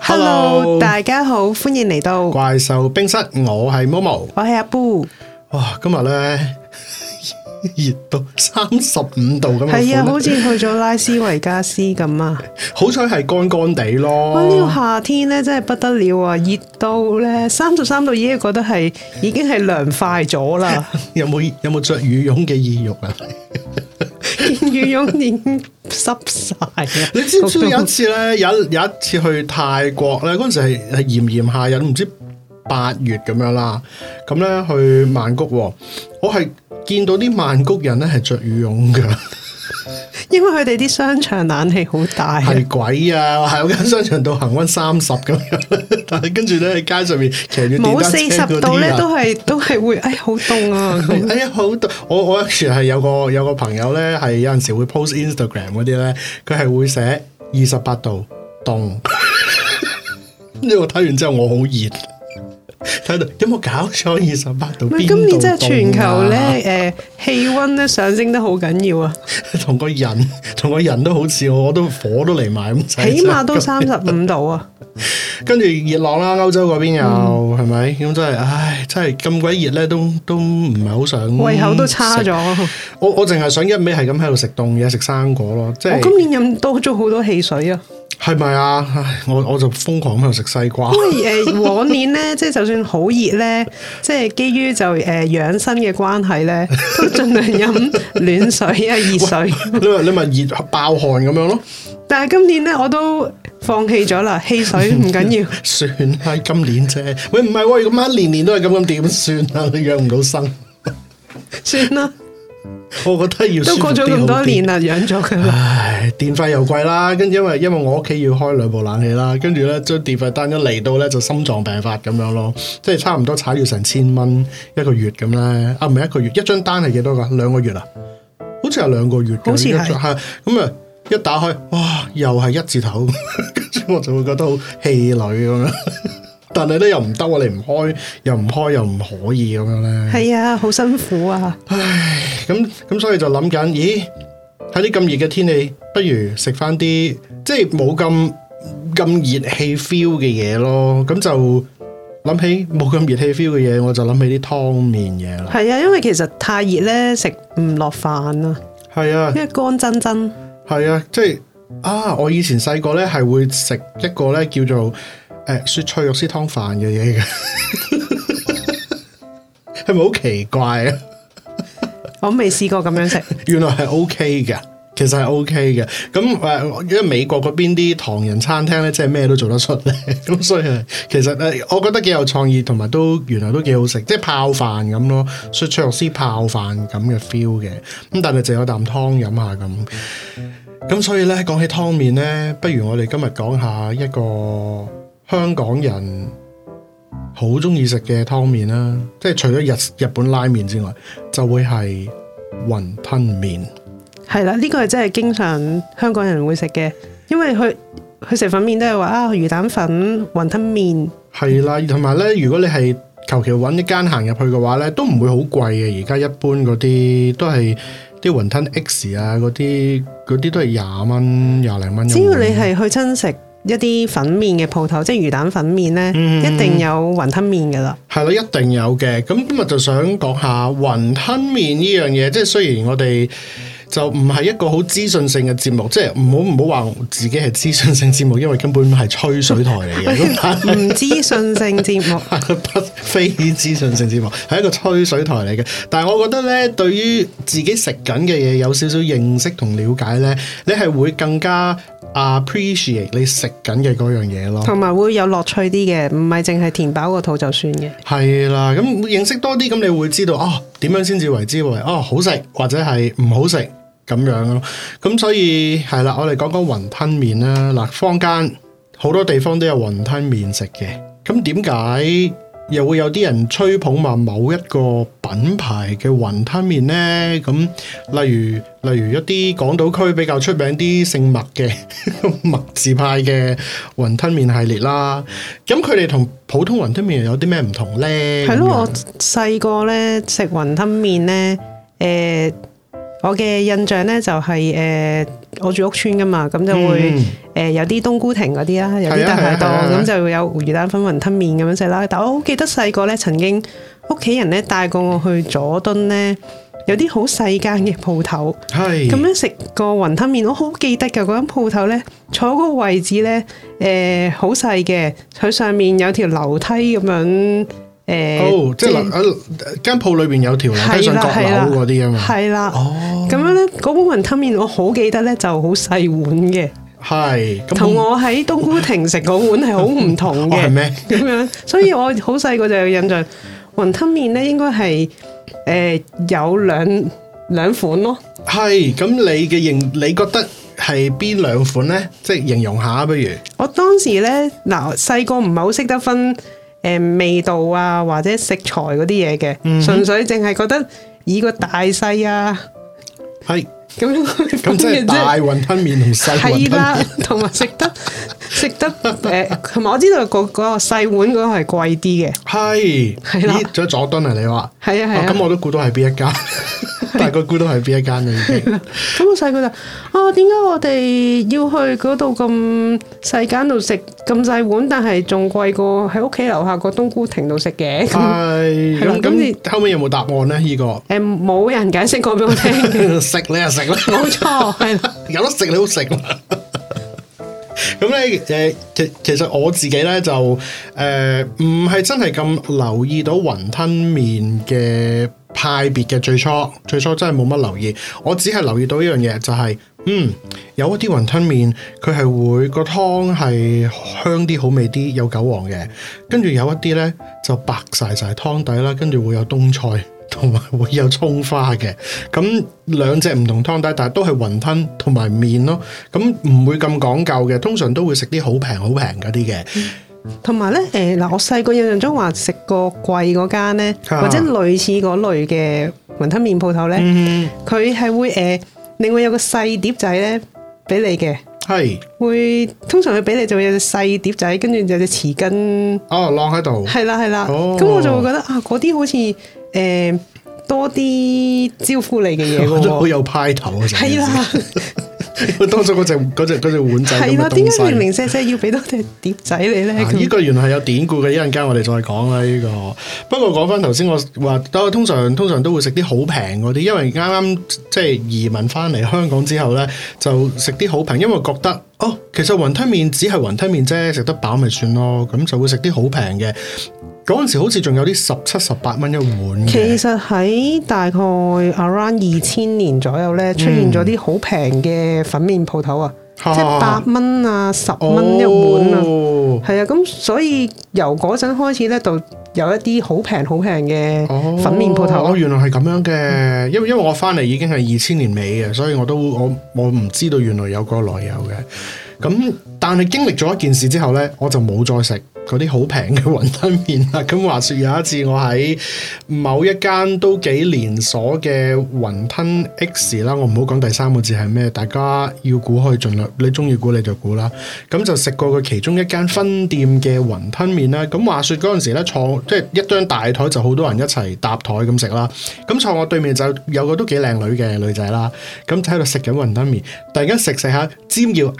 Hello，大家好，歡迎嚟到怪獸冰室，我係 Momo，我係阿布。哇，今日咧熱到三十五度咁，係啊，好似去咗拉斯維加斯咁啊！好彩係乾乾地咯。呢個夏天咧真係不得了啊，熱到咧三十三度已經覺得係已經係涼快咗啦。有冇有冇着羽絨嘅意欲啊？件羽絨已經濕晒。 你知唔知有一次咧？有有一次去泰國咧，嗰陣時係係炎炎夏日，唔知八月咁樣啦。咁咧去曼谷，我係見到啲曼谷人咧係着羽絨嘅。 因為佢哋啲商場冷氣好大，係鬼啊！我喺我間商場度恒温三十咁樣，但係跟住咧喺街上面，騎啲冇四十度咧，都係都係會哎好凍啊！ 哎呀好凍！我我有時係有個有個朋友咧，係有陣時會 post Instagram 嗰啲咧，佢係會寫二十八度凍，呢 我睇完之後我好熱。睇到 有冇搞錯？二十八度，唔係，今年真係全球咧，誒、 呃，氣溫咧上升得好緊要啊！同 個人，同個人都好似我，我都火都嚟埋咁。起碼都三十五度啊！ 跟住熱浪啦，歐洲嗰邊又，係咪、嗯？咁、嗯、真係，唉，真係咁鬼熱咧，都都唔係好想胃口都差咗。我我淨係想一味係咁喺度食凍嘢，食生果咯。即係我今年飲多咗好多汽水啊！係咪啊？唉我我就瘋狂喺度食西瓜。因為誒，往年咧，即係就算好熱咧， 即係基於就誒養生嘅關係咧，都盡量飲暖水啊、熱水。你咪你咪熱爆汗咁樣咯。但係今年咧，我都放棄咗啦，汽水唔緊要。 算啦，今年啫。喂，唔係喂，咁樣年年都係咁，咁點算啊？你養唔到生。 算啦。我覺得要都過咗咁多年啦，養咗佢。唉，電費又貴啦，跟住因為因為我屋企要開兩部冷氣啦，跟住咧張電費單一嚟到咧就心臟病發咁樣咯，即係差唔多踩要成千蚊一個月咁咧。啊，唔係一個月，一張單係幾多噶？兩個月啊，好似係兩個月好似係，咁啊一打開，哇，又係一字頭，跟 住我就會覺得好氣餒咁樣。 但係咧，又唔得啊，你唔開又唔開又唔可以咁樣咧。係啊，好辛苦啊。唉，咁咁所以就諗緊，咦？喺啲咁熱嘅天氣，不如食翻啲即係冇咁咁熱氣 feel 嘅嘢咯。咁就諗起冇咁熱氣 feel 嘅嘢，我就諗起啲湯麵嘢啦。係啊，因為其實太熱咧，食唔落飯啊。係啊，因為乾真真？係啊，即係啊，我以前細個咧係會食一個咧叫做。誒、欸，雪菜肉絲湯飯嘅嘢嘅，係咪好奇怪啊？ 我未試過咁樣食，原來係 O K 嘅，其實係 O K 嘅。咁誒、呃，因為美國嗰邊啲唐人餐廳咧，即係咩都做得出咧。咁 所以啊，其實誒、呃，我覺得幾有創意，同埋都原來都幾好食，即係泡飯咁咯，雪菜肉絲泡飯咁嘅 feel 嘅。咁但係淨有啖湯飲下咁。咁所以咧，講起湯麵咧，不如我哋今日講下一個香港人好中意食嘅湯麵啦，即係除咗日日本拉麵之外，就會係雲吞麵。係啦，呢個係真係經常香港人會食嘅，因為佢佢食粉麵都係話啊魚蛋粉、雲吞麵。係啦，同埋咧，如果你係求其揾一間行入去嘅話咧，都唔會好貴嘅。而家一般嗰啲都係啲雲吞 X 啊，嗰啲嗰啲都係廿蚊、廿零蚊。只要你係去親食。一啲粉麵嘅鋪頭，即係魚蛋粉麵呢，嗯，一定有雲吞麵噶啦。係咯，一定有嘅。咁今日就想講下雲吞麵呢樣嘢，即係雖然我哋就唔係一個好資訊性嘅節目，即係唔好唔好話自己係資訊性節目，因為根本係吹水台嚟嘅。唔資訊性節目， 非資訊性節目，係一個吹水台嚟嘅。但係我覺得呢，對於自己食緊嘅嘢有少少認識同了解呢，你係會更加。appreciate 你食緊嘅嗰樣嘢咯，同埋會有樂趣啲嘅，唔係淨係填飽個肚就算嘅。係啦，咁認識多啲，咁你會知道哦，點樣先至為之為哦好食或者係唔好食咁樣咯。咁所以係啦，我哋講講雲吞麵啦。嗱，坊間好多地方都有雲吞麵食嘅，咁點解？又會有啲人吹捧話某一個品牌嘅雲吞麵呢。咁例如例如，一啲港島區比較出名啲姓麥嘅麥字派嘅雲吞麵系列啦，咁佢哋同普通雲吞麵有啲咩唔同呢？係咯，我細個呢，食雲吞麵呢。誒、呃。我嘅印象咧就係、是、誒、呃，我住屋村噶嘛，咁就會誒、嗯呃、有啲冬菇亭嗰啲啦，有啲大排檔，咁、啊啊啊啊、就會有魚蛋粉雲吞麵咁樣食啦。啊啊、但我好記得細個咧，曾經屋企人咧帶過我去佐敦咧，有啲好細間嘅鋪頭，咁、啊、樣食個雲吞麵，我好記得㗎。嗰間鋪頭咧，坐嗰個位置咧，誒好細嘅，佢上面有條樓梯咁樣。誒，即係間鋪裏邊有條樓梯上閣樓嗰啲啊嘛，係啦，哦，咁樣咧，嗰碗雲吞麵我好記得咧，就好細碗嘅，係，同我喺冬菇亭食嗰碗係好唔同嘅，係咩？咁樣，所以我好細個就有印象，雲吞麵咧應該係誒有兩兩款咯，係，咁你嘅形你覺得係邊兩款咧？即係形容下，不如我當時咧嗱細個唔係好識得分。誒、呃，味道啊，或者食材嗰啲嘢嘅，純、嗯、哼粹淨係覺得以個大細啊，係咁樣咁即係大雲吞麵同細係啦，同埋食得食得誒，同、呃、埋我知道嗰、那、嗰個細、那個、碗嗰個係貴啲嘅，係係咯，仲有啦佐敦啊，你話係啊係，咁、哦、我都估到係邊一間。 大概估到係邊一間嘅？咁我咁細個就啊，點解我哋要去嗰度咁細間度食咁細碗，但係仲貴過喺屋企樓下個冬菇亭度食嘅？係係咁，你後尾有冇答案咧？呢個誒，冇人解釋過俾我聽嘅，食你就食啦，冇錯係啦，有得食你都食啦。咁咧誒，其其實我自己咧就誒，唔係真係咁留意到雲吞麵嘅。派別嘅最初，最初真係冇乜留意，我只係留意到一樣嘢就係，嗯，有一啲雲吞麵佢係會個湯係香啲好味啲，有韭黃嘅，跟住有一啲呢，就白晒晒湯底啦，跟住會有冬菜同埋會有蔥花嘅，咁兩隻唔同湯底，但係都係雲吞同埋麵咯，咁唔會咁講究嘅，通常都會食啲好平好平嗰啲嘅。同埋咧，誒嗱、欸，我細個印象中話食過貴嗰間咧，啊、或者類似嗰類嘅雲吞麵鋪頭咧，佢係、啊嗯、會誒，令、呃、我有個細碟仔咧俾你嘅，係是會通常就會俾你做隻細碟仔，跟住就有隻匙羹，啊晾喺度，係啦係啦，咁、哦、我就會覺得啊，嗰啲好似誒、呃、多啲招呼你嘅嘢，好的有派頭係啦。佢 多咗嗰隻隻隻碗仔咁嘅東西。係點解零零舍舍要俾多隻碟仔你咧？呢、啊、 個原來係有典故嘅，一陣間我哋再講啦。呢、這個，不過講翻頭先，我話都通常通常都會食啲好平嗰啲，因為啱啱即係移民翻嚟香港之後咧，就食啲好平，因為覺得。哦，其實雲吞麵只係雲吞麵啫，食得飽咪算咯，咁就會食啲好平嘅。嗰陣時好似仲有啲十七、十八蚊一碗。其實喺大概 around 二千年左右呢，嗯、出現咗啲好平嘅粉麵鋪頭啊，即係八蚊啊、十蚊、哦、一碗啊。係啊，咁所以由嗰陣開始咧，就有一啲好平好平嘅粉麵鋪頭。哦，原來係咁樣嘅，因為、嗯、因為我翻嚟已經係二千年尾嘅，所以我都我我唔知道原來有個來由嘅。咁但係經歷咗一件事之後咧，我就冇再食。嗰啲好平嘅雲吞麵啦，咁話説有一次我喺某一間都幾連鎖嘅雲吞 X 啦，我唔好講第三個字係咩，大家要估可以盡量。你中意估你就估啦。咁就食過佢其中一間分店嘅雲吞麵啦。咁話説嗰陣時呢，坐即係一張大台就好多人一齊搭台咁食啦。咁坐我對面就有個都幾靚女嘅女仔啦，咁就喺度食緊雲吞麵，突然間食食下尖叫啊，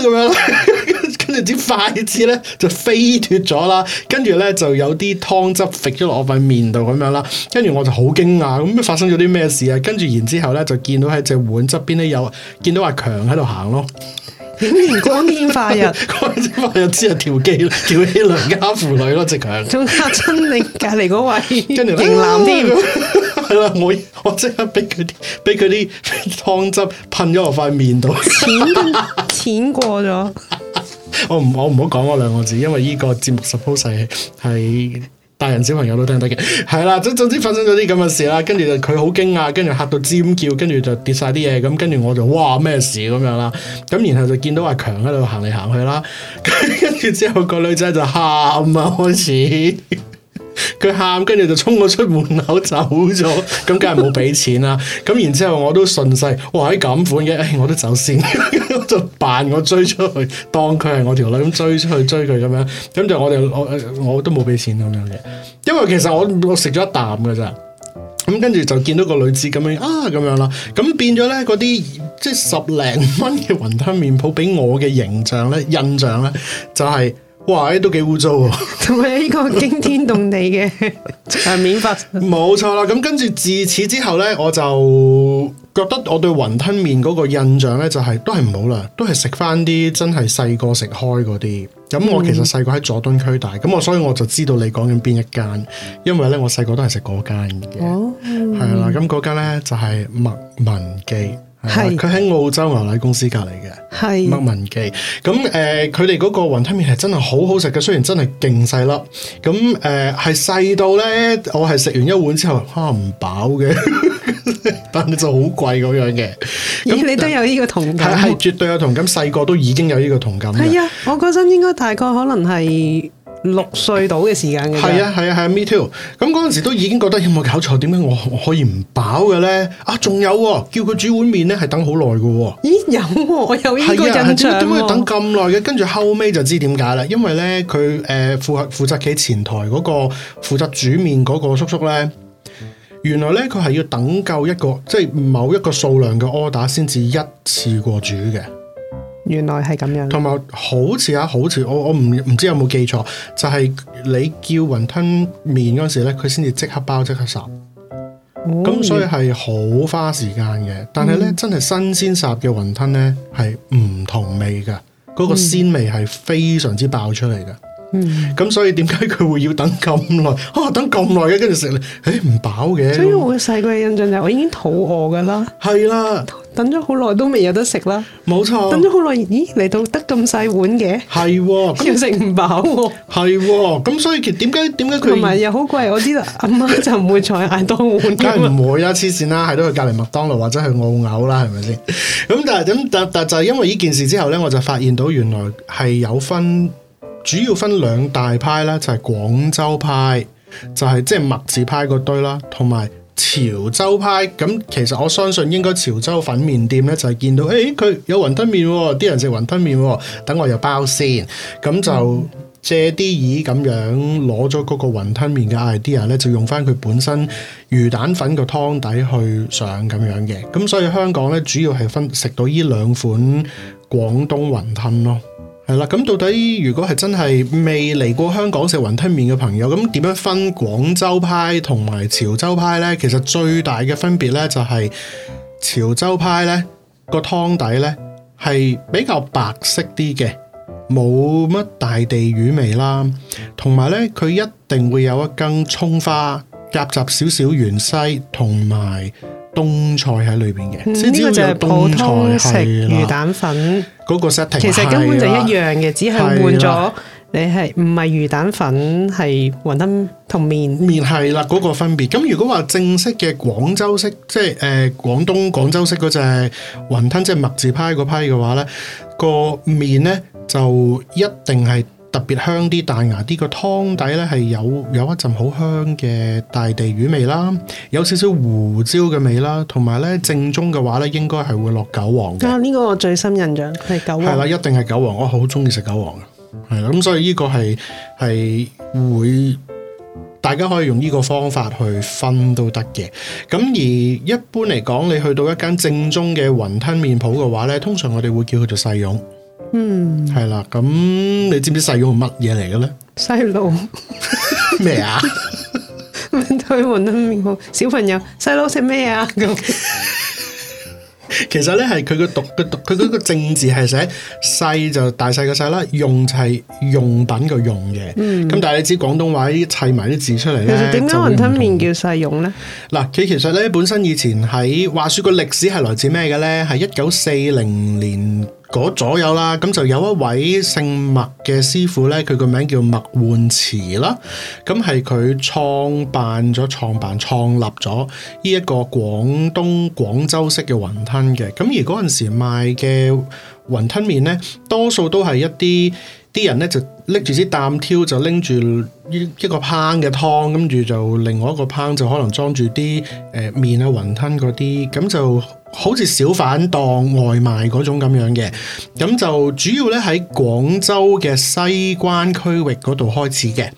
咁樣。 之快啲咧就飛脱咗啦，跟住咧就有啲湯汁滴咗落我塊面度咁樣啦，跟住我就好驚訝，咁發生咗啲咩事啊？跟住然之後咧就見到喺隻碗側邊咧有見到阿強喺度行咯，竟然光天化日， 光天化日之下調機，調 起良家婦女咯，直強仲吓親你隔籬嗰位， 型男添店，係啦， 我我即刻俾佢啲俾佢啲湯汁噴咗我塊面度，錢錢淺 過咗。我唔我唔好講嗰兩個字，因為呢個節目 suppose 係大人小朋友都聽得嘅，係啦。總總之發生咗啲咁嘅事啦，跟住就佢好驚訝，跟住嚇到尖叫，跟住就跌晒啲嘢咁，跟住我就哇，咩事咁樣啦，咁然後就見到阿強喺度行嚟行去啦，跟住之後個女仔就喊啊開始。佢喊，跟住就衝我出門口走咗，咁梗係冇俾錢啦。咁 然之後，我都順勢，哇！依咁款嘅，我都走先，就扮我追出去，當佢係我條女咁追出去追佢咁樣，咁就我哋我我，我都冇俾錢咁樣嘅，因為其實我我食咗一啖㗎咋。咁跟住就見到個女子咁樣啊咁樣啦，咁變咗咧嗰啲即係十零蚊嘅雲吞麵鋪俾我嘅形象咧印象咧就係、是。哇！都幾污糟喎，同埋呢個驚天動地嘅場、 啊、面發冇 錯啦，咁跟住自此之後呢，我就覺得我對雲吞麵嗰個印象呢，就係、是、都係唔好啦，都係食返啲真係細個食開嗰啲。咁我其實細個喺佐敦區大，咁我所以我就知道你講緊邊一間，因為、哦那個、呢，我細個都係食嗰間嘅，係啦。咁嗰間呢就係、是、麥文記。係，佢喺澳洲牛奶公司隔籬嘅，的麥文記。咁誒，佢哋嗰個雲吞麵係真係好好食嘅，雖然真係勁細粒。咁誒，係、呃、細到咧，我係食完一碗之後，可能唔飽嘅，飽 但係就好貴咁樣嘅。咦、欸，你都有呢個同感？係、嗯、絕對有同感，細個都已經有呢個同感。係啊，我覺得應該大概可能係。六歲到嘅時間嘅，係 啊係啊係啊，me too、嗯。咁嗰陣時都已經覺得有冇搞錯？點解我可以唔飽嘅咧？啊，仲有、啊、叫佢煮碗麵咧，係等好耐嘅。咦，有、啊、我有呢個印象。係啊，點解、啊、要等咁耐嘅？跟住後尾就知點解啦，因為咧佢誒負責負責企前台嗰、那個負責煮麵嗰個叔叔咧，原來咧佢係要等夠一個即係、就是、某一個數量嘅 order 先至一次過煮嘅。原來係咁樣，同埋好似啊，好似我我唔唔知有冇記錯，就係、是、你叫雲吞麵嗰陣時咧，佢先至即刻包即刻烚，咁、哦、所以係好花時間嘅。但係咧，嗯、真係新鮮烚嘅雲吞咧係唔同味嘅，嗰、那個鮮味係非常之爆出嚟嘅。嗯嗯，咁所以點解佢會要等咁耐？吓，等咁耐嘅，跟住食咧，誒，唔飽嘅。所以我嘅細個嘅印象就係我已經肚餓噶啦。係啦，等咗好耐都未有得食啦。冇錯，等咗好耐，咦，嚟到得咁細碗嘅，係，要食唔飽。係，咁所以其實點解點解佢同埋又好貴我知啦，咁阿媽就唔會再嗌多碗。梗係唔會啦，黐線啦，係都去隔籬麥當勞或者去澳牛啦，係咪先？咁但係咁但但就係因為呢件事之後咧，我就發現到原來係有分。主要分兩大派啦，就係、是、廣州派，就係、是、即係麥字派嗰堆啦，同埋潮州派。咁其實我相信應該潮州粉麵店咧，就係見到誒佢有雲吞麵、哦，啲人食雲吞麵、哦，等我又包先。咁、嗯、就借啲意咁樣攞咗嗰個雲吞麵嘅 idea 咧，就用翻佢本身魚蛋粉個湯底去上咁樣嘅。咁所以香港咧，主要係分食到呢兩款廣東雲吞咯。係啦，咁、嗯、到底如果係真係未嚟過香港食雲吞麵嘅朋友，咁點樣分廣州派同埋潮州派呢？其實最大嘅分別呢，就係、是、潮州派呢個湯底呢係比較白色啲嘅，冇乜大地魚味啦，同埋呢，佢一定會有一根葱花，夾雜少少芫茜，同埋，冬菜喺裏邊嘅，呢個就係普通食魚蛋粉。嗰的個 setting，的其實根本就一樣嘅，的只係換咗你係唔係魚蛋粉，係雲吞同麵，麵係啦嗰個分別。咁如果話正式嘅廣州式，即係誒廣東廣州式嗰隻雲吞，即係麥字派嗰派嘅話咧，那個麵咧就一定係。特別香啲、彈牙啲，個湯底咧係有有一陣好香嘅大地魚味啦，有少少胡椒嘅味啦，同埋咧正宗嘅話咧，應該係會落韭黃嘅。啊！呢個我最深印象係韭黃。係啦，一定係韭黃，我好中意食韭黃嘅。係啦，咁所以呢個係係會大家可以用呢個方法去分都得嘅。咁而一般嚟講，你去到一間正宗嘅雲吞麵鋪嘅話咧，通常我哋會叫佢做細蓉。嗯，係啦，咁你知唔知細勇係乜嘢嚟嘅咧？細佬？咩弟 啊？雲吞麵好，小朋友，細佬食咩嘢啊？咁其實咧，係佢個讀，佢讀佢個正字係寫細就大細個細啦，用就係用品個用嘅。咁、嗯、但係你知廣東話啲砌埋啲字出嚟咧，點解雲吞麵叫細勇咧？嗱，佢其實咧、啊、本身以前喺話說個歷史係來自咩嘅咧？係一九四零年。嗰左右啦，咁就有一位姓麥嘅師傅呢，佢個名叫麥煥池啦，咁係佢創辦咗、創辦創立咗呢一個廣東廣州式嘅雲吞嘅。咁而嗰陣時賣嘅雲吞麵呢，多數都係一啲啲人呢，就拎住啲擔挑，就拎住一個烹嘅湯，跟住就另外一個烹就可能裝住啲誒麵啊、雲吞嗰啲，咁就。好似小販檔外賣嗰種咁樣嘅，咁就主要呢喺廣州嘅西關區域嗰度開始嘅。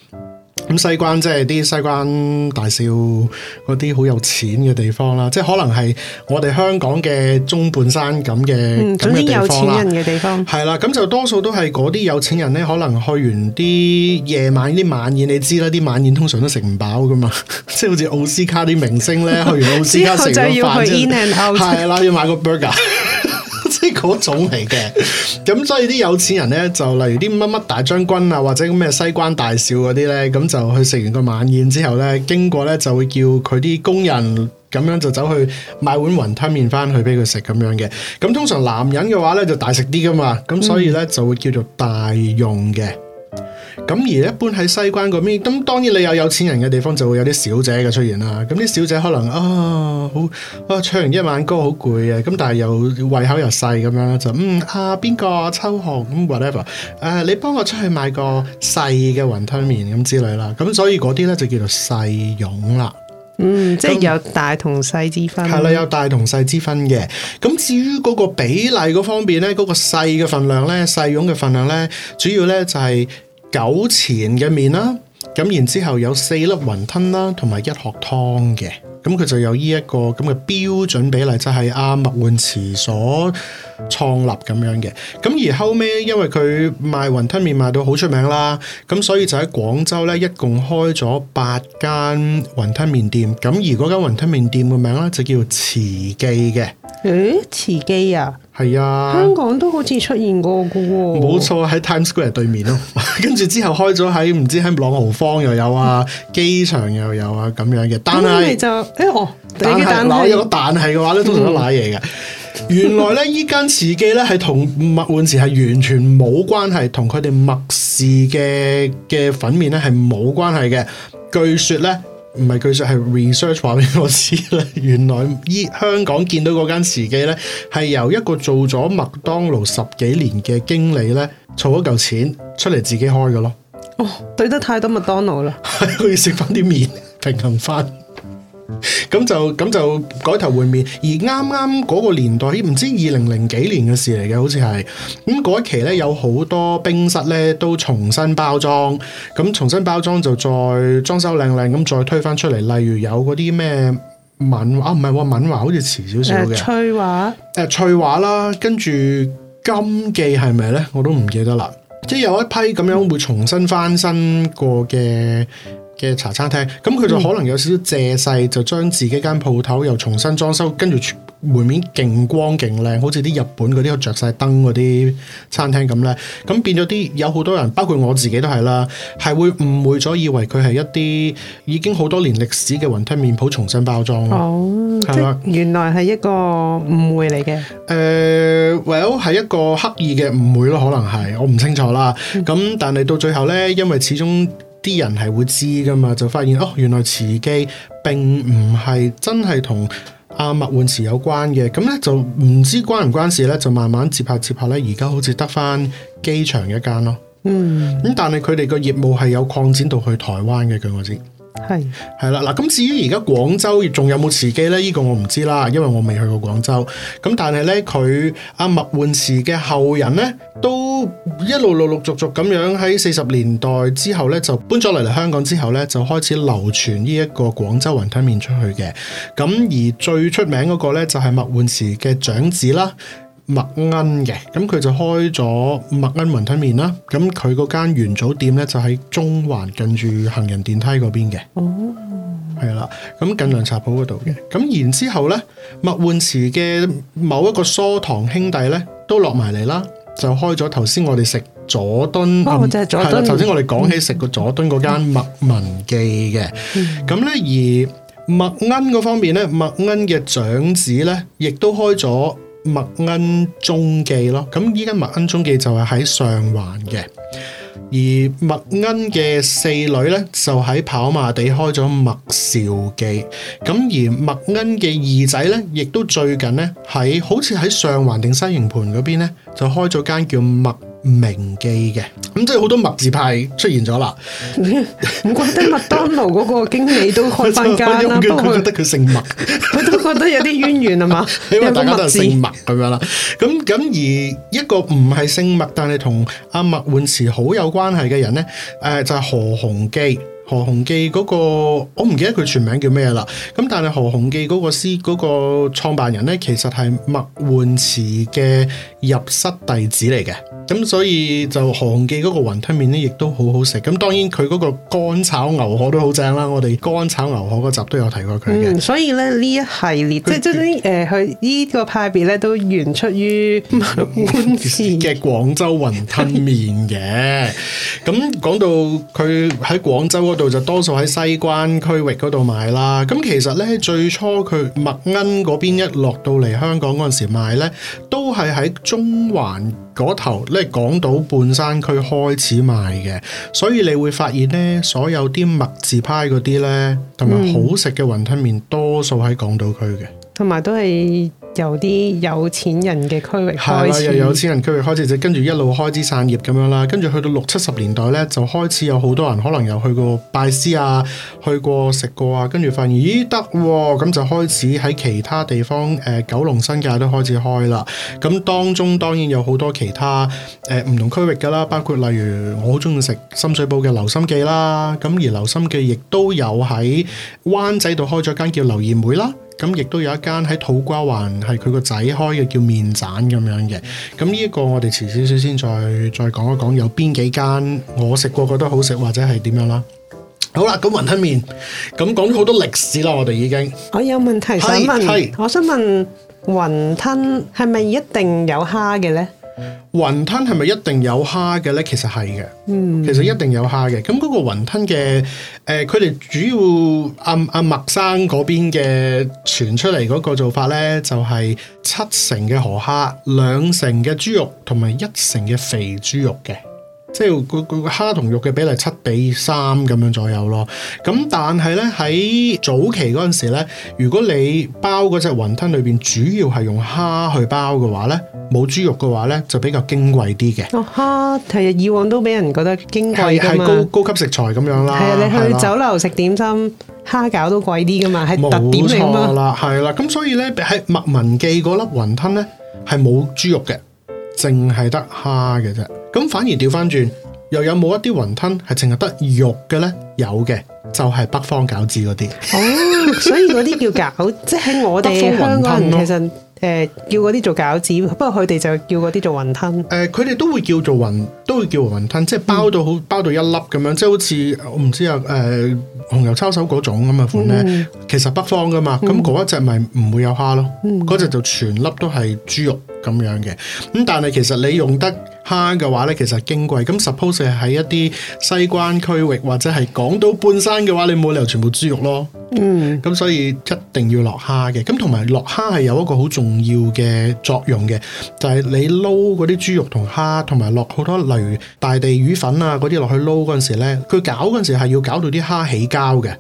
咁西關即係啲西關大少嗰啲好有錢嘅地方啦，即係可能係我哋香港嘅中半山咁嘅咁啲有錢人嘅地方啦。係啦，咁就多數都係嗰啲有錢人咧，可能去完啲夜晚啲晚宴，你知啦，啲晚宴通常都食唔飽噶嘛，即係好似奧斯卡啲明星咧 去完奧斯卡食咗飯係啦，要買個 burger。 啲嗰種嚟嘅，咁 所以啲有錢人呢，就例如啲乜乜大將軍啊，或者咩西關大少嗰啲呢，咁就去食完個晚宴之後呢，經過呢，就會叫佢啲工人咁樣就走去買碗雲吞麵翻去俾佢食咁樣嘅。咁通常男人嘅話呢，就大食啲噶嘛，咁所以呢，就會叫做大用嘅。嗯咁而一般喺西關嗰邊，咁當然你有有錢人嘅地方就會有啲小姐嘅出現啦。咁啲小姐可能啊好啊唱完一晚歌好攰啊，咁但係又胃口又細咁樣就，嗯、啊邊個秋紅咁 whatever 誒、啊，你幫我出去買個細嘅雲吞麵咁之類啦。咁所以嗰啲咧，就叫做細蓉啦。嗯，即係有大同細之分。係啦，有大同細之分嘅。咁至於嗰個比例嗰方面咧，嗰、嗰個細嘅份量咧，細蓉嘅份量咧，量主要咧就係、是。九錢嘅麵啦，咁然之後有四粒雲吞啦，同埋一殼湯嘅，咁佢就有呢一個咁嘅標準比例，即係阿麥煥池所創立咁樣嘅。咁而後尾因為佢賣雲吞麵賣到好出名啦，咁所以就喺廣州咧，一共開咗八間雲吞麵店。咁而嗰間雲吞麵店嘅名咧就叫池記嘅。嗯、呃，池記啊！係啊，香港都好似出現過噶、哦，冇錯喺 Times Square 對面咯，跟 住之後開咗喺唔知喺朗豪坊又有啊，機 場又有啊咁樣嘅。但係就誒，哦 是，但係攋有，但係嘅話咧，通常都瀨嘢嘅。原來咧，依間池記咧係同麥煥池係完全冇關係，同佢哋麥氏嘅嘅粉麵咧係冇關係嘅。據說咧。唔係，佢就係 research 話俾我知啦。 原來依香港見到嗰間池記咧，係由一個做咗麥當勞十幾年嘅經理咧，儲咗嚿錢出嚟自己開嘅咯。哦，對得太多麥當勞啦，係可以食翻啲麵平衡翻。咁就咁就改頭換面，而啱啱嗰個年代，唔知二零零幾年嘅事嚟嘅，好似係咁嗰一期呢，有好多冰室呢都重新包裝，咁重新包裝就再裝修靚靚，咁再推返出嚟，例如有嗰啲咩敏華啊，唔係、啊呃、話敏華，好似遲少少嘅翠華，誒翠華啦，跟住金記係咪呢？我都唔記得啦，即係有一批咁樣會重新翻新過嘅。嘅茶餐廳，咁佢、嗯、就可能有少少借勢，就將自己間鋪頭又重新裝修，跟住門面勁光勁靚，好似啲日本嗰啲，着晒燈嗰啲餐廳咁咧。咁變咗啲有好多人，包括我自己都係啦，係會誤會咗，以為佢係一啲已經好多年歷史嘅雲吞麵鋪重新包裝咯。哦，係嘛嗎，原來係一個誤會嚟嘅。誒、呃、well 係一個刻意嘅誤會咯，可能係我唔清楚啦。咁、嗯、但係到最後呢，因為始終。啲人係會知噶嘛，就發現，哦，原來池記並唔係真係同阿麥煥池有關嘅。咁咧就唔知關唔關事咧，就慢慢接下接下咧，而家好似得翻機場一間咯，嗯，咁、嗯、但係佢哋個業務係有擴展到去台灣嘅，據我知。係係啦嗱，咁至於而家廣州仲有冇池記呢？呢、這個我唔知啦，因為我未去過廣州。咁但係呢，佢阿麥煥池嘅後人呢，都一路陸陸續續咁樣喺四十年代之後呢，就搬咗嚟嚟香港之後呢，就開始流傳呢一個廣州雲吞麵出去嘅。咁而最出名嗰個呢，就係麥煥池嘅長子啦。麥恩嘅，咁佢就開咗麥恩雲吞麵啦。咁佢嗰間元祖店咧就喺、是、中環近住行人電梯嗰邊嘅。哦，係啦，咁近涼茶鋪嗰度嘅。咁然之後咧，麥煥池嘅某一個疏堂兄弟咧都落埋嚟啦，就開咗頭先我哋食佐敦，係啦、哦，頭先我哋講、啊、起食過佐敦嗰間麥文記嘅。咁咧、嗯、而麥恩嗰方面咧，麥恩嘅長子咧亦都開咗。麥恩中記咯，咁依家麥恩中記就係喺上環嘅，而麥恩嘅四女咧就喺跑馬地開咗麥兆記，咁而麥恩嘅二仔咧，亦都最近咧喺好似喺上環定西營盤嗰邊咧，就開咗間叫麥。明記嘅，咁即係好多麥字派出現咗啦。唔怪得，麥當勞嗰個經理都開分間啦，都覺得佢姓麥，佢 都覺得有啲淵源啊嘛。因為大家都姓麥咁樣啦。咁咁而一個唔係姓麥，但係同阿麥煥池好有關係嘅人咧，誒、呃、就係、是、何鴻基。何洪記嗰個，我唔記得佢全名叫咩啦。咁但係何洪記嗰個司嗰、嗰個創辦人咧，其實係麥煥池嘅入室弟子嚟嘅。咁所以就何洪記嗰個雲吞麵咧，亦都好好食。咁當然佢嗰個乾炒牛河都好正啦。我哋乾炒牛河嗰集都有提過佢嘅、嗯。所以咧呢一系列，它即係即佢呢個派別咧都源出於麥煥池嘅廣州雲吞麵嘅。咁 講到佢喺廣州就多數喺西關區域嗰度買啦。咁其實呢，最初佢麥奀嗰邊一落到嚟香港嗰陣時買咧，都係喺中環嗰頭，即係港島半山區開始賣嘅。所以你會發現呢，所有啲麥字派嗰啲呢，同埋好食嘅雲吞麵，嗯、多數喺港島區嘅，同埋都係。由啲有，有錢人嘅區域開始，由有，有錢人區域開始，就跟住一路開枝散葉咁樣啦。跟住去到六七十年代咧，就開始有好多人可能又去過拜師啊，去過食過啊。跟住發現咦得喎、哦，咁、嗯、就開始喺其他地方誒、呃，九龍新界都開始開啦。咁、嗯、當中當然有好多其他誒唔、呃、同區域噶啦，包括例如我好中意食深水埗嘅劉心記啦。咁、嗯、而劉心記亦都有喺灣仔度開咗間叫劉二妹啦。咁亦都有一間喺土瓜灣，係佢個仔開嘅，叫麵盞咁樣嘅。咁呢一個我哋遲少少先再再講一講，有邊幾間我食過覺得好食或者係點樣啦？好啦，咁雲吞麵咁講咗好多歷史啦，我哋已經。我有問題想問，我想問雲吞係咪一定有蝦嘅呢？雲吞係咪一定有蝦嘅咧？其實係嘅，嗯，其實一定有蝦嘅。咁嗰個雲吞嘅，誒、呃，佢哋主要阿、啊、阿、啊、麥生嗰邊嘅傳出嚟，嗰個做法咧，就係、是、七成嘅河蝦，兩成嘅豬肉同埋一成嘅肥豬肉嘅。即係佢佢個蝦同肉嘅比例七比三咁樣左右咯。咁但係咧，喺早期嗰陣時咧，如果你包嗰隻雲吞裏邊主要係用蝦去包嘅話咧，冇豬肉嘅話咧，就比較矜貴啲嘅。哦，蝦係啊，以往都俾人覺得矜貴噶嘛，係高高級食材咁樣啦。係啊，你去酒樓食點心，蝦餃的都貴啲噶嘛，係特點嚟噶嘛。冇錯啦，係啦。咁所以咧，喺麥文記嗰粒雲吞咧係冇豬肉嘅，淨係得蝦嘅啫。咁反而調翻轉，又有冇一啲雲吞係淨係得肉嘅咧？有嘅就係、是、北方餃子嗰啲。 哦，所以嗰啲叫餃， 即係我哋香港人其實誒叫嗰啲做餃子，不過佢哋就叫嗰啲做雲吞、啊。誒、呃，佢哋都會叫做雲，都會叫做雲吞，即係包到好、嗯、包到一粒咁樣，即係好似我唔知啊誒、呃、紅油抄手嗰種咁嘅款咧。嗯、其實北方噶嘛，咁嗰、嗯、一隻咪唔會有蝦咯，嗰隻、嗯、就全粒都係豬肉咁樣嘅。咁但係其實你用得蝦嘅話咧，其實矜貴，咁 suppose 喺一啲西關區域或者係港島半山嘅話，你冇理由全部豬肉咯。嗯，咁所以一定要落蝦嘅，咁同埋落蝦係有一個好重要嘅作用嘅，就係你撈嗰啲豬肉同蝦，同埋落好多例如大地魚粉啊嗰啲落去撈嗰陣時咧，佢搞嗰陣時係要搞到啲蝦起膠嘅。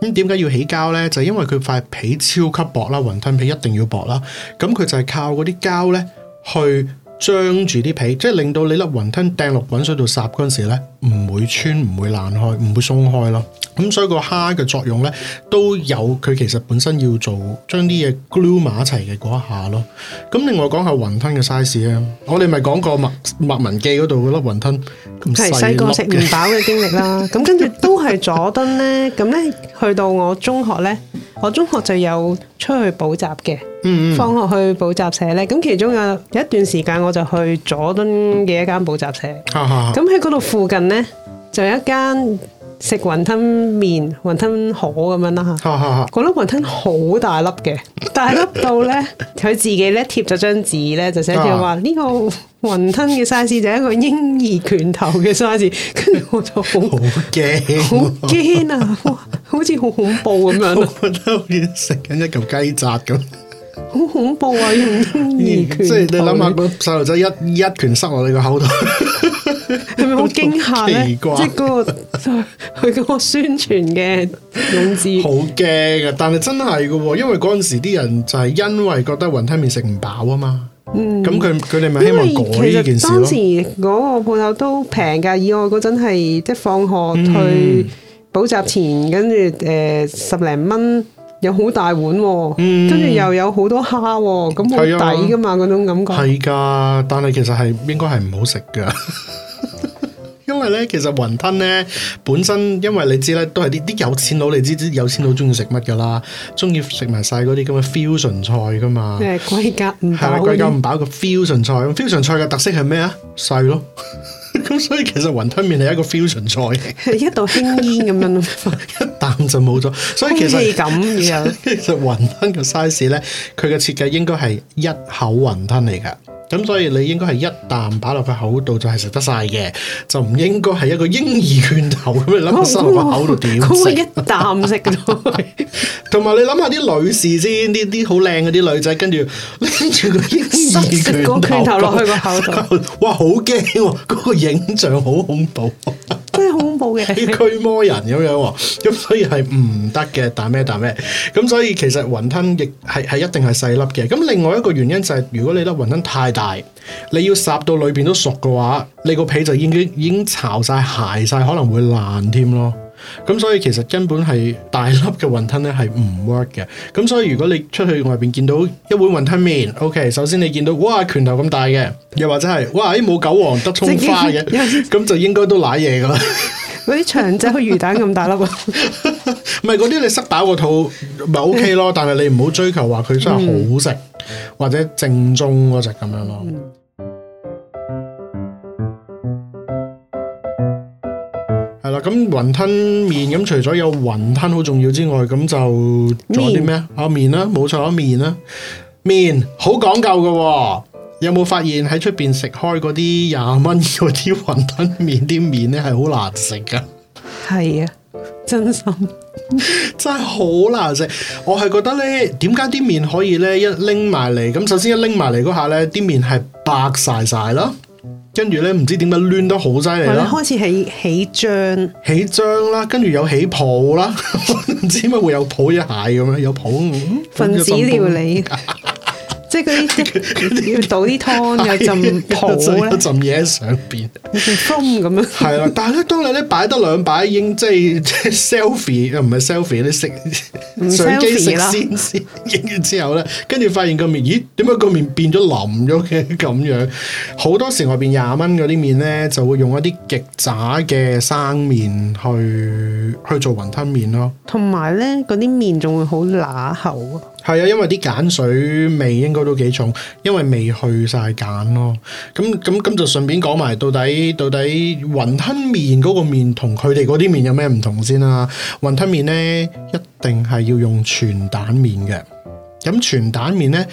咁點解要起膠咧？就係因為佢塊皮超級薄啦，雲吞皮一定要薄啦。咁佢就係靠嗰啲膠咧去。張住啲皮，即係令到你粒雲吞掟落滾水度烚嗰陣時咧。唔會穿，唔會爛開，唔會鬆開咯。咁、嗯、所以個蝦嘅作用咧，都有佢其實本身要做將啲嘢 glue 埋一齊嘅一下咯。咁、嗯、另外講下雲吞嘅 size 咧，我哋咪講過麥麥文記嗰度粒雲吞咁細粒食唔飽嘅經歷啦。咁跟住都係佐敦咧，咁咧去到我中學咧，我中學就有出去補習嘅，嗯，放學去補習社咧，咁其中有有一段時間我就去佐敦嘅一間補習社，咁喺度附近咧。就有一間食雲吞麵、雲吞河咁樣啦吓， 嗰粒雲吞好大粒嘅， 大粒到咧佢自己咧貼咗張紙咧就寫住話呢個雲吞嘅 size 就係一個嬰兒拳頭嘅 size，跟住我就好很驚，好驚啊！哇， 好似好恐怖咁樣，啊，我覺得 好似食緊一嚿雞雜咁。好恐怖啊！用嬰兒拳， 即係你諗下個細路仔一一拳塞落你個口度，係咪好驚嚇奇怪？即係嗰個佢、嗰個、個宣傳嘅用字， 好驚啊！但係真係噶、喔，因為嗰陣時啲人就係因為覺得雲吞麵食唔飽啊嘛。嗯，咁佢佢哋咪希望改呢件事咯。當時嗰個鋪頭都平噶，以外嗰陣係即係放學去補習前，跟住誒十零蚊。有好大碗，跟住、嗯、又有好多蝦，咁好抵噶嘛？嗰、啊、種感覺係噶，但係其實係應該係唔好食噶， 因為咧其實雲吞咧本身，因為你知咧都係啲啲有錢佬，你知知有錢佬中意食乜噶啦，中意食埋晒嗰啲咁嘅 fusion 菜噶嘛？即誒，貴格唔係，係咪貴格唔飽個 fusion 菜，咁 fusion 菜嘅特色係咩啊？細咯。咁 所以其實雲吞麵係一個 fusion 菜， 係一道輕煙咁樣咯， 一啖就冇咗。所以其實咁然後， 其實雲吞嘅 size 咧，佢嘅設計應該係一口雲吞嚟㗎。咁所以你應該係一啖擺落個口度就係食得晒嘅，就唔應該係一個嬰兒拳頭咁你諗下，生落個口度點食？一啖食嘅都。同埋你諗下啲女士先，呢啲好靚嗰啲女仔，跟住拎住個嬰兒拳頭落去個口度，哇！好驚，嗰個影像好恐怖。 真係好恐怖嘅，驅魔 人咁樣，咁 所以係唔得嘅。打咩打咩？咁所以其實雲吞亦係係一定係細粒嘅。咁另外一個原因就係、是，如果你粒雲吞太大，你要烚到裏邊都熟嘅話，你個皮就已經已經巢曬、鞋晒，可能會爛添咯。咁所以其實根本係大粒嘅雲吞咧，係唔 work 嘅，咁所以如果你出去外邊見到一碗雲吞麵，OK，首先你見到哇，拳頭咁大嘅，又或者係哇啲冇韭黃得葱花嘅，咁就應該都瀨嘢噶啦，嗰啲長洲魚蛋咁大粒，唔係嗰啲你塞飽個肚咪 OK 咯，但係你唔好追求話佢真係好食或者正宗嗰隻咁樣咯。係啦，咁雲吞麵咁除咗有雲吞好重要之外，咁就仲有啲咩麵啊？麵啦、啊，冇錯、啊，麵啦、啊，麵好講究噶、哦。有冇發現喺出邊食開嗰啲廿蚊嗰啲雲吞麵啲麵咧，係好難食噶。係啊，真心 真係好難食。我係覺得咧，點解啲麵可以咧一拎埋嚟？咁首先一拎埋嚟嗰下咧，啲麵係白晒晒囉。跟住咧，唔知點解攣得好犀利啦！開始起起漿，起漿啦，跟住有起泡啦，唔 知點解會有泡一蟹咁樣，有泡，分子料理。 即係嗰啲， 要倒啲湯， 有浸泡咧，陣嘢 上邊，phone 咁樣。係啦， 但係咧，當你咧擺得兩擺，已經即係即係 selfie，又唔係 selfie，你食相機食先先，影完 之後咧，跟住發現個麵，咦？點解個麵變咗腍咗嘅咁樣？好 多時外邊廿蚊嗰啲麵咧，就會用一啲極渣嘅生麵去去做雲吞麵咯。同埋咧，嗰啲麵仲會好乸厚啊！係啊，因為啲鹼水味應該都幾重，因為未去晒鹼咯。咁咁咁就順便講埋到底到底雲吞麵嗰個麵同佢哋嗰啲麵有咩唔同先啦，啊？雲吞麵咧一定係要用全蛋麵嘅，咁全蛋麵咧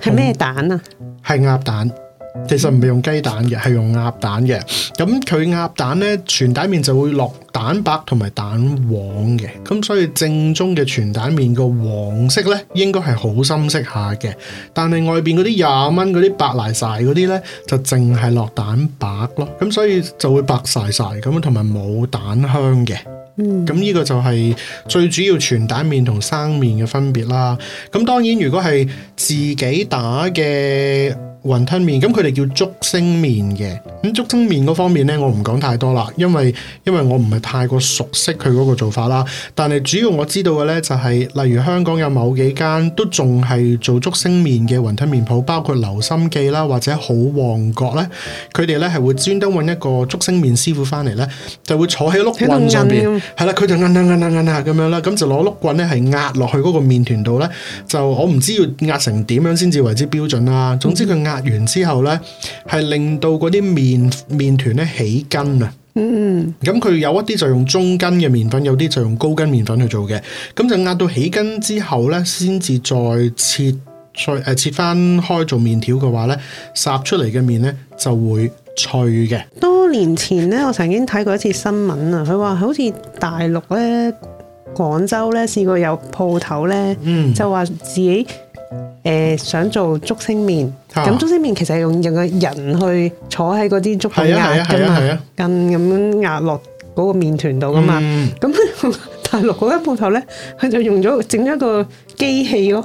係咩蛋啊？係、嗯、鴨蛋。其實唔係用雞蛋嘅，係用鴨蛋嘅。咁、嗯、佢鴨蛋呢，全蛋麵就會落蛋白同埋蛋黃嘅。咁所以正宗嘅全蛋麵個黃色呢應該係好深色下嘅。但係外邊嗰啲廿蚊嗰啲白瀨曬嗰啲呢，就淨係落蛋白咯。咁所以就會白曬曬咁，同埋冇蛋香嘅。嗯。咁呢個就係最主要全蛋麵同生麵嘅分別啦。咁當然如果係自己打嘅。雲吞麵，咁佢哋叫竹升麵嘅。咁竹升麵嗰方面咧，我唔講太多啦，因為因為我唔係太過熟悉佢嗰個做法啦。但係主要我知道嘅咧、就是，就係例如香港有某幾間都仲係做竹升麵嘅雲吞麵鋪，包括劉心記啦，或者好旺角咧，佢哋咧係會專登揾一個竹升麵師傅翻嚟咧，就會坐喺碌棍上邊，係啦，佢就咁、啊啊啊啊、樣啦，咁就攞碌棍咧係壓落去嗰個麵團度咧，就我唔知要壓成點樣先至為之標準啦。總之佢壓。壓完之後咧，係令到嗰啲麵麵團咧起筋啊。嗯，嗯，咁佢有一啲就用中筋嘅麵粉，有啲就用高筋麵粉去做嘅。咁就壓到起筋之後咧，先至再切再誒、呃，切翻開做麵條嘅話咧，殺出嚟嘅麵咧就會脆嘅。多年前咧，我曾經睇過一次新聞啊，佢話好似大陸咧、廣州咧試過有鋪頭咧，嗯、就話自己。誒、呃，想做竹升麵，咁竹升麵其實用用個人去坐喺嗰啲竹板壓噶嘛，咁咁、啊啊啊啊啊、壓落嗰個麵團度噶嘛，咁、嗯、這樣 大陸嗰間鋪頭咧，佢就用咗整咗一個機器咯。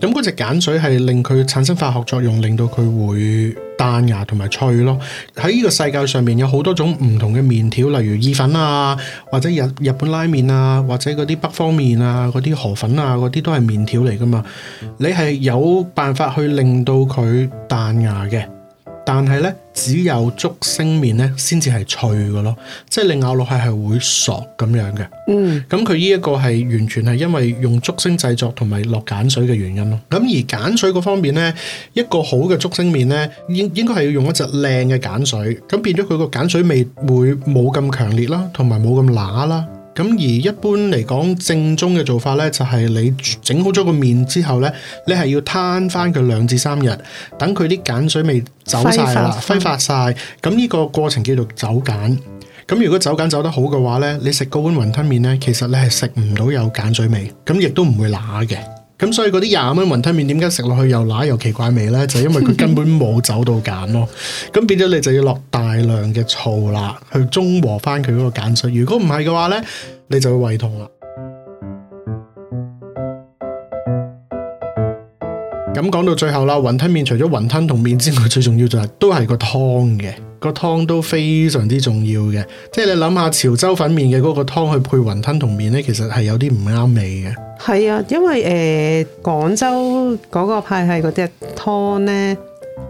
咁嗰隻鹼水係令佢產生化學作用，令到佢會彈牙同埋脆咯。喺呢個世界上面，有好多種唔同嘅麵條，例如意粉啊，或者日日本拉麵啊，或者嗰啲北方麵啊，嗰啲河粉啊，嗰啲都係麵條嚟㗎嘛。你係有辦法去令到佢彈牙嘅。但係咧，只有竹升麵咧，先至係脆嘅咯，即係你咬落去係會索咁樣嘅。嗯，咁佢呢一個係完全係因為用竹升製作同埋落鹼水嘅原因咯。咁而鹼水嗰方面咧，一個好嘅竹升麵咧，應應該係要用一隻靚嘅鹼水，咁變咗佢個鹼水味會冇咁強烈啦，同埋冇咁乸啦。咁而一般嚟講，正宗嘅做法呢，就係、是、你整好咗個麵之後呢，你係要攤翻佢兩至三日，等佢啲鹼水味走曬啦，揮發晒。咁、這、呢個過程叫做走鹼。咁如果走鹼走得好嘅話呢，你食嗰碗雲吞麵呢，其實你係食唔到有鹼水味，咁亦都唔會乸嘅。咁所以嗰啲廿蚊雲吞麵，點解食落去又辣又奇怪味呢？就係、是、因為佢根本冇走到鹼囉。咁 變咗你就要落大量嘅醋啦，去中和返佢嗰個鹼水。如果唔係嘅話呢，你就會胃痛啦。咁講到最後啦，雲吞麵除咗雲吞同麵之外，最重要就係都係個湯嘅，個湯都非常之重要嘅。即係你諗下潮州粉麵嘅嗰個湯去配雲吞同麵呢，其實係有啲唔啱味嘅。係啊，因為誒、呃、廣州嗰個派係嗰隻湯呢。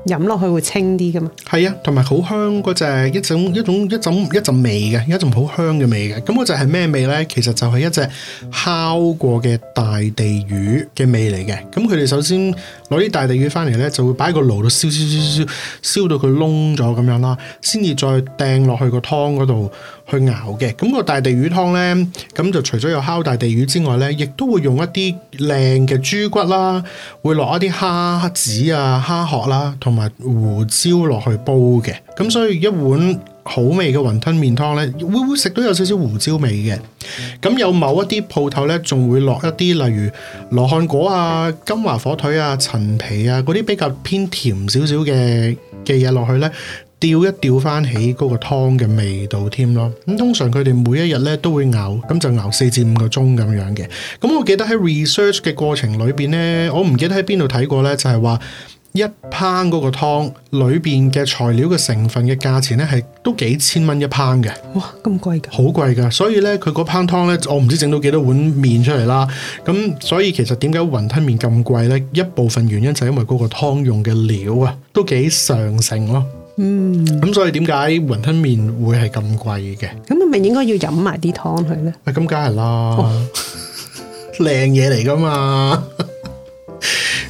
飲落去會清啲噶嘛？係啊，同埋好香嗰隻一種一種一陣一陣味嘅，一陣好香嘅味嘅。咁嗰隻係咩味咧？其實就係一隻烤過嘅大地魚嘅味嚟嘅。咁佢哋首先。攞啲大地魚翻嚟咧，就會擺喺個爐度燒燒燒燒燒，燒到佢燶咗咁樣啦，先至再掟落去個湯嗰度去熬嘅。咁個大地魚湯咧，咁就除咗有烤大地魚之外咧，亦都會用一啲靚嘅豬骨啦，會落一啲蝦子啊、蝦殼啦，同埋胡椒落去煲嘅。咁所以一碗，好味嘅雲吞麵湯咧，會唔會食到有少少胡椒味嘅。咁有某一啲鋪頭咧，仲會落一啲例如羅漢果啊、金華火腿啊、陳皮啊嗰啲比較偏甜少少嘅嘅嘢落去咧，吊一吊翻起嗰個湯嘅味道添咯。咁通常佢哋每一日咧都會熬，咁就熬四至五個鐘咁樣嘅。咁我記得喺 research 嘅過程裏邊咧，我唔記得喺邊度睇過咧，就係話。一烹嗰個湯裏邊嘅材料嘅成分嘅價錢咧，係都幾千蚊一烹嘅。哇，咁貴噶？好貴噶！所以咧，佢嗰烹湯咧，我唔知整到幾多碗麵出嚟啦。咁所以其實點解雲吞麵咁貴咧？一部分原因就係因為嗰個湯用嘅料啊，都幾上乘咯。嗯，咁所以點解雲吞麵會係咁貴嘅？咁咪應該要飲埋啲湯佢咧？咁梗係啦，靚嘢嚟噶嘛！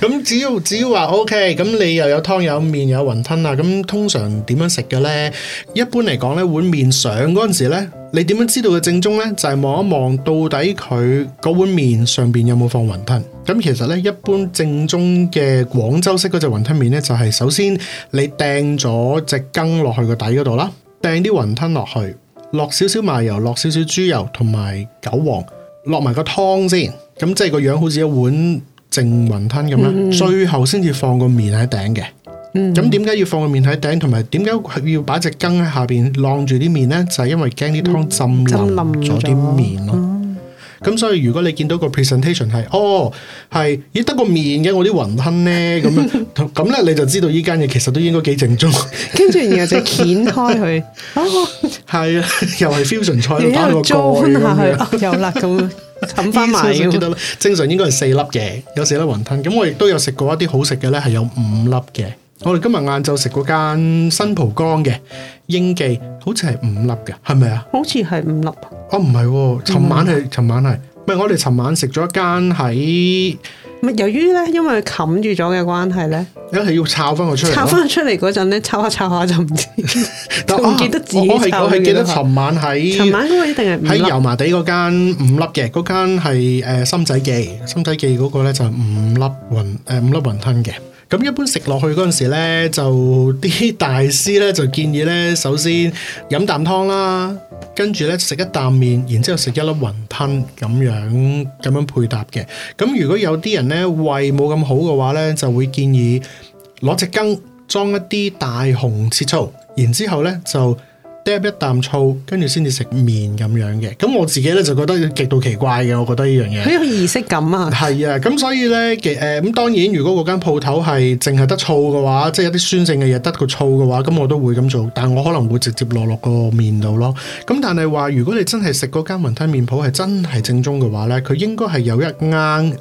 咁只要只要話，啊、OK，咁你又有湯有麵有雲吞啊！咁通常點樣食嘅呢？一般嚟講呢，碗麵上嗰陣時呢，你點樣知道嘅正宗呢？就係，是，望一望到底佢嗰碗麵上邊有冇放雲吞。咁其實呢，一般正宗嘅廣州式嗰隻雲吞麵呢，就係，是，首先你掟咗隻羹落去個底嗰度啦，掟啲雲吞落去，落少少麻油，落少少豬油同埋韭黃，落埋個湯先。咁即係個樣好似一碗。成雲吞咁啦，最後先至放個面喺頂嘅。咁點解要放個面喺頂？同埋點解要把隻羹喺下邊晾住啲麵咧？就係、是、因為驚啲湯浸淋咗啲麵咯。咁、嗯、所以如果你見到個 presentation 係，哦，係，咦得個麵嘅我啲雲吞咧，咁咁咧，你就知道依間嘢其實都應該幾正宗。跟 住然後就剷開佢，係啊， 啊，又係 fusion 菜打落去，哦、有啦 冚翻埋正常應該係四粒嘅，有四粒雲吞。咁我亦都有食過一啲好食嘅呢係有五粒嘅。我哋今日晏晝食嗰間新蒲崗嘅英記，好似係五粒嘅，係咪啊？好似係五粒啊！哦，唔係、哦，尋晚係尋粒晚係，唔係我哋尋晚食咗一間喺。咪由於咧，因為冚住咗嘅關係咧，一係要抄翻佢出嚟，抄翻佢出嚟嗰陣咧，抄下抄下就唔知，我 記得自己抄。 我係記得尋 晚喺尋晚嗰個一定係喺油麻地嗰間五粒嘅嗰間係深仔記。深仔記嗰個咧就五粒雲誒、呃、五粒雲吞嘅。咁一般食落去嗰陣時呢，就啲大師呢就建議呢，首先飲啖湯啦，跟住呢食一啖麵，然之後食一粒雲吞咁樣咁樣配搭嘅。咁如果有啲人呢胃冇咁好嘅話呢，就會建議攞隻羹裝一啲大紅切醋，然之後呢就。一啖醋，跟住先至食麵咁樣嘅，咁我自己咧就覺得極度奇怪嘅，我覺得呢樣嘢。佢有儀式感啊！係啊，咁所以咧嘅、誒，咁、呃、當然如果嗰間鋪頭係淨係得醋嘅話，即係有啲酸性嘅嘢得個醋嘅話，咁我都會咁做，但我可能會直接落落個麵度咯。咁但係話，如果你真係食嗰間雲吞麵鋪係真係正宗嘅話咧，佢應該係有一羹醃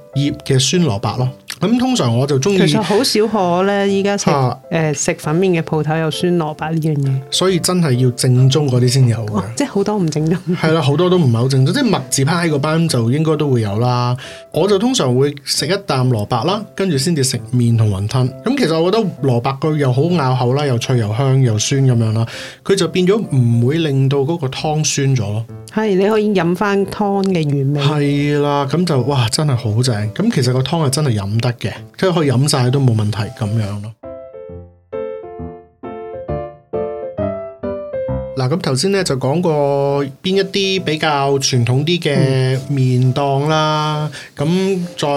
嘅酸蘿蔔咯。咁、嗯、通常我就中意，其實好少可咧，依家食誒食粉麵嘅鋪頭有酸蘿蔔呢樣嘢，所以真係要正宗嗰啲先有嘅、哦，即係好多唔正宗。係啦， 好多都唔係好正宗，即係麥奀派個班就應該都會有啦。我就通常會食一啖蘿蔔啦，跟住先至食麵同雲吞。咁、嗯、其實我覺得蘿蔔佢又好咬口啦，又脆又香又酸咁樣啦，佢就變咗唔會令到嗰個湯酸咗咯。係，你可以飲返湯嘅原味。係啦，咁就哇，真係好正。咁其實個湯係真係飲得嘅，即可以飲曬都冇問題咁樣咯。嗱，咁頭先咧就講過邊一啲比較傳統啲嘅麵檔啦，咁再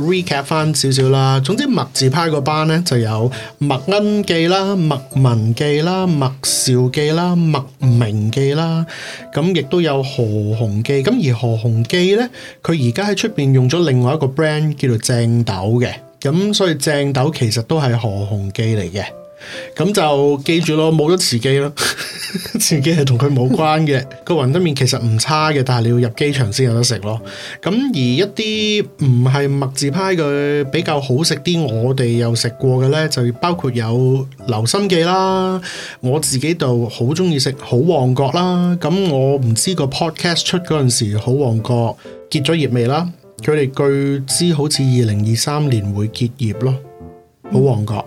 recap 翻少少啦。總之麥字派個班咧就有麥恩記啦、麥文記啦、麥兆記啦、麥明記啦，咁亦都有何鴻記。咁而何鴻記咧，佢而家喺出邊用咗另外一個 brand 叫做正斗嘅，咁所以正斗其實都係何鴻記嚟嘅。咁就記住咯，冇咗慈記咯，慈記係同佢冇關嘅。個雲吞麵其實唔差嘅，但係你要入機場先有得食咯。咁而一啲唔係麥字派佢比較好食啲，我哋又食過嘅呢，就包括有劉心記啦。我自己就好中意食好旺角啦。咁我唔知個 podcast 出嗰陣時，好旺角結咗業未啦？佢哋據知好似二零二三年會結業咯。好旺角，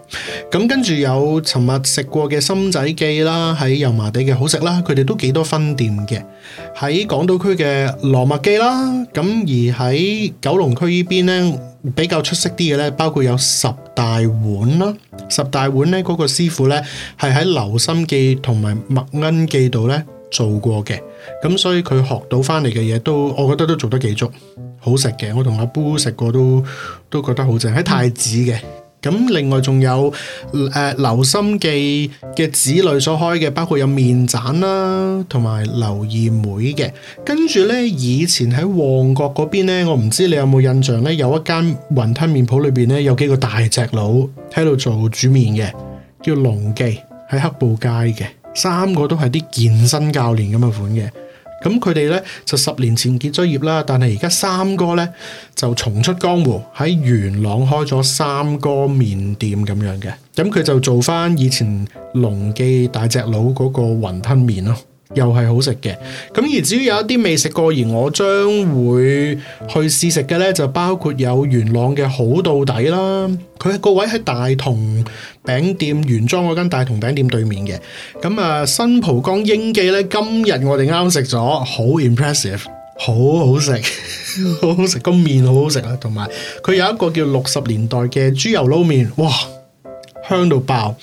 咁跟住有尋日食過嘅心仔記啦，喺油麻地嘅好食啦，佢哋都幾多分店嘅。喺港島區嘅羅麥記啦，咁而喺九龍區邊呢邊咧比較出色啲嘅咧，包括有十大碗啦，十大碗咧嗰、嗰個師傅咧係喺留心記同埋麥恩記度咧做過嘅，咁所以佢學到翻嚟嘅嘢都，我覺得都做得幾足，好食嘅。我同阿 Bo 食過都都覺得好正，喺太子嘅。咁另外仲有誒、呃、劉心記嘅子女所開嘅，包括有麵斬啦、啊，同埋劉二妹嘅。跟住呢，以前喺旺角嗰邊呢，我唔知你有冇印象呢，有一間雲吞麵店裡面鋪裏邊呢，有幾個大隻佬喺度做煮麵嘅，叫龍記，喺黑布街嘅，三個都係啲健身教練咁嘅款嘅。咁佢哋呢就十年前結咗業啦，但係而家三哥呢就重出江湖喺元朗開咗三哥麵店咁樣嘅，咁佢就做返以前龍記大隻佬嗰個雲吞麵咯。又係好食嘅，咁而至於有一啲未食過而我將會去試食嘅呢，就包括有元朗嘅好到底啦，佢個位喺大同餅店原裝嗰間大同餅店對面嘅。咁、嗯、啊新蒲江英記呢，今日我哋啱食咗，好 impressive，好好食，好好食個麵好好食啊，同埋佢有一個叫六十年代嘅豬油撈麵，哇，香到爆！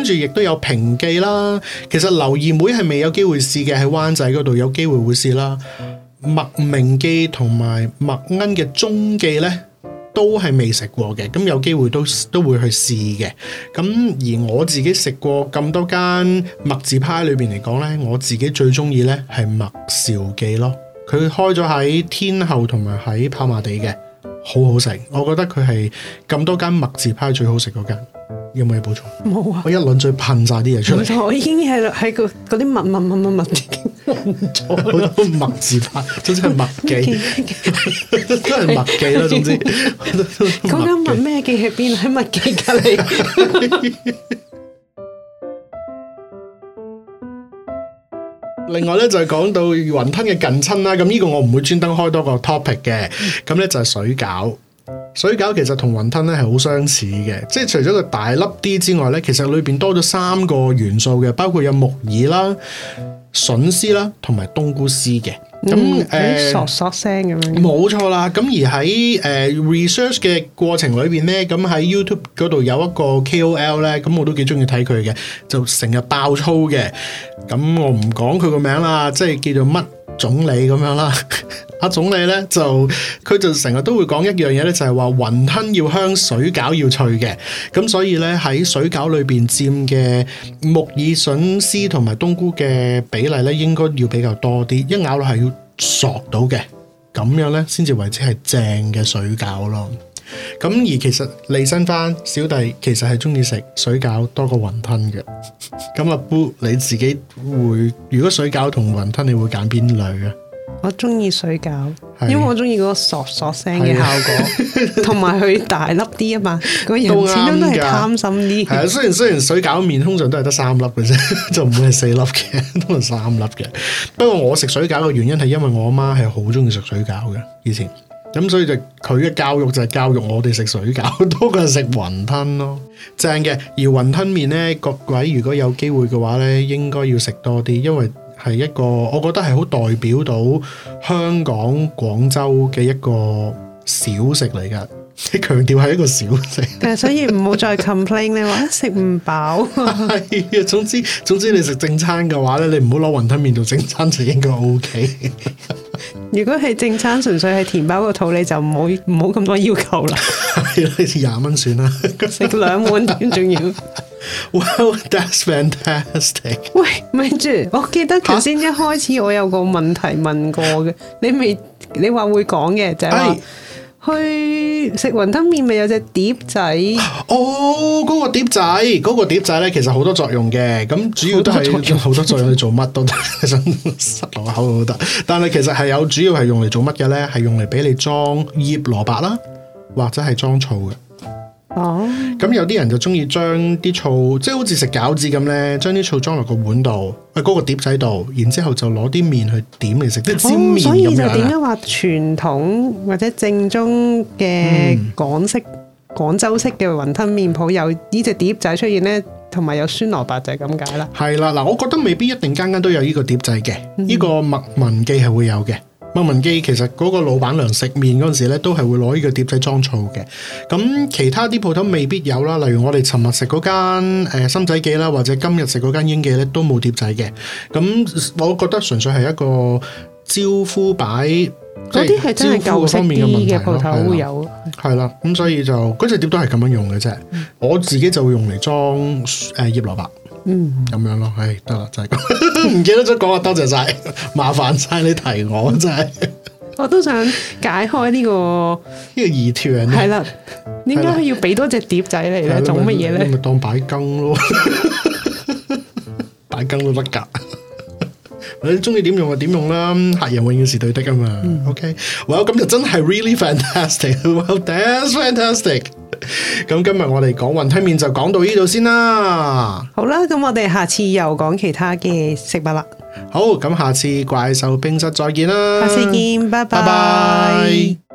跟住亦都有平記啦，其實劉二妹係未有機會試嘅，喺灣仔嗰度，有機會會試啦。麥明記同埋麥恩嘅中記呢，都係未食過嘅，咁有機會都都會去試嘅。咁而我自己食過咁多間麥字派裏邊嚟講呢，我自己最中意呢係麥兆記咯。佢開咗喺天后同埋喺跑馬地嘅，好好食。我覺得佢係咁多間麥字派最好食嗰間。有冇嘢補充？冇啊！我一輪嘴噴晒啲嘢出嚟。我已經喺喺嗰啲密密密密密字。唔錯，好多墨字派，真係墨記，真係墨記啦。總之，嗰間墨咩記喺邊？喺墨記隔籬。另外咧，就係講到雲吞嘅近親啦。咁呢個我唔會專登開多個 topic 嘅。咁咧就係水餃。水餃其實同雲吞咧係好相似嘅，即係除咗個大粒啲之外咧，其實裏邊多咗三個元素嘅，包括有木耳筍絲啦、筍絲啦，同埋冬菇絲嘅。咁誒索索聲咁樣。冇錯啦，咁而喺誒 research 嘅過程裏邊咧，咁喺 YouTube 嗰度有一個 KOL 咧，咁我都幾中意睇佢嘅，就成日爆粗嘅。咁我唔講佢個名啦，即係叫做乜？總理咁樣啦，阿、啊、總理咧就佢就成日都會講一樣嘢咧，就係、是、話雲吞要香，水餃要脆嘅。咁所以咧，喺水餃裏邊佔嘅木耳筍絲同埋冬菇嘅比例咧，應該要比較多啲。一咬落係要索到嘅，咁樣咧先至為之係正嘅水餃咯。咁而其實嚟，新翻小弟其實係中意食水餃多過雲吞嘅。咁啊，Bo 你自己會，如果水餃同雲吞你會揀邊類嘅？我中意水餃，是因為我中意嗰個索索聲嘅效果，同埋佢大粒啲啊嘛，始終都係貪心啲。係啊，雖然雖然水餃麵通常都係得三粒嘅啫， 就唔會係四粒嘅，都係三粒嘅。不過我食水餃嘅原因係因為我阿媽係好中意食水餃嘅，以前。咁所以就佢嘅教育就係教育我哋食水餃多過食雲吞咯，正嘅。而雲吞麵咧，各位如果有機會嘅話咧，應該要食多啲，因為係一個我覺得係好代表到香港、廣州嘅一個小食嚟㗎。你強調係一個小食，但係所以唔好再 complain 咧，話食唔飽。係，總之總之你食正餐嘅話咧，你唔好攞雲吞麵做正餐就應該 OK。 如果係正餐，純粹係填飽個肚，你就唔好唔好咁多要求啦。 係 啦，廿 蚊，嗯、算啦， 食兩碗仲要。Well, that's fantastic。喂，咪住，我記得頭先一開始我有個問題問過嘅哈，你未你話會講嘅就係、是。欸去食雲吞麵咪有隻碟仔？哦，嗰、那個碟仔，嗰、那個碟仔咧，其實好多作用嘅。咁主要都係好多作用，去 做乜都得，其實塞落口度都得。但係其實係有主要係用嚟做乜嘅咧？係用嚟俾你裝醃蘿卜啦，或者係裝醋嘅。哦，咁有啲人就中意將啲醋，即、就、係、是、好似食餃子咁咧，將啲醋裝落個碗度，喺、那、嗰個碟仔度，然之後就攞啲麵去點嚟食，即係、哦、沾麵，所以就點解話傳統或者正宗嘅港式、廣州、嗯、式嘅雲吞麵鋪有呢隻碟仔出現咧，同埋有，有酸蘿蔔仔係咁解啦。係啦，嗱，我覺得未必一定間間都有呢個碟仔嘅，呢、嗯、個麥文記係會有嘅。麥文記其實嗰個老闆娘食麵嗰陣時咧，都係會攞呢個碟仔裝醋嘅。咁其他啲鋪頭未必有啦，例如我哋尋日食嗰間誒心仔記啦，或者今日食嗰間英記咧，都冇碟仔嘅。咁我覺得純粹係一個招呼擺，即係招呼方面嘅問題，即係真係舊式啲嘅舖頭會有。係啦，咁所以就嗰隻碟都係咁樣用嘅啫。嗯、我自己就會用嚟裝誒醃蘿蔔。呃嗯，咁樣咯，唉，得啦，就係咁，唔記得咗講啊，多謝晒，麻煩晒你提我真係， 我都想解開呢個呢個疑團，係啦，點解佢要俾多隻碟仔嚟咧？做乜嘢咧？咪當擺羹咯，擺羹都得噶，你中意點用就點用啦，客人永遠是對的㗎嘛。OK，well 咁就真係 really fantastic，well that's fantastic。咁今日我哋講雲吞麵就講到呢度先啦。好啦，咁我哋下次又講其他嘅食物啦。好，咁下次怪獸冰室再見啦。下次見，拜拜。Bye bye。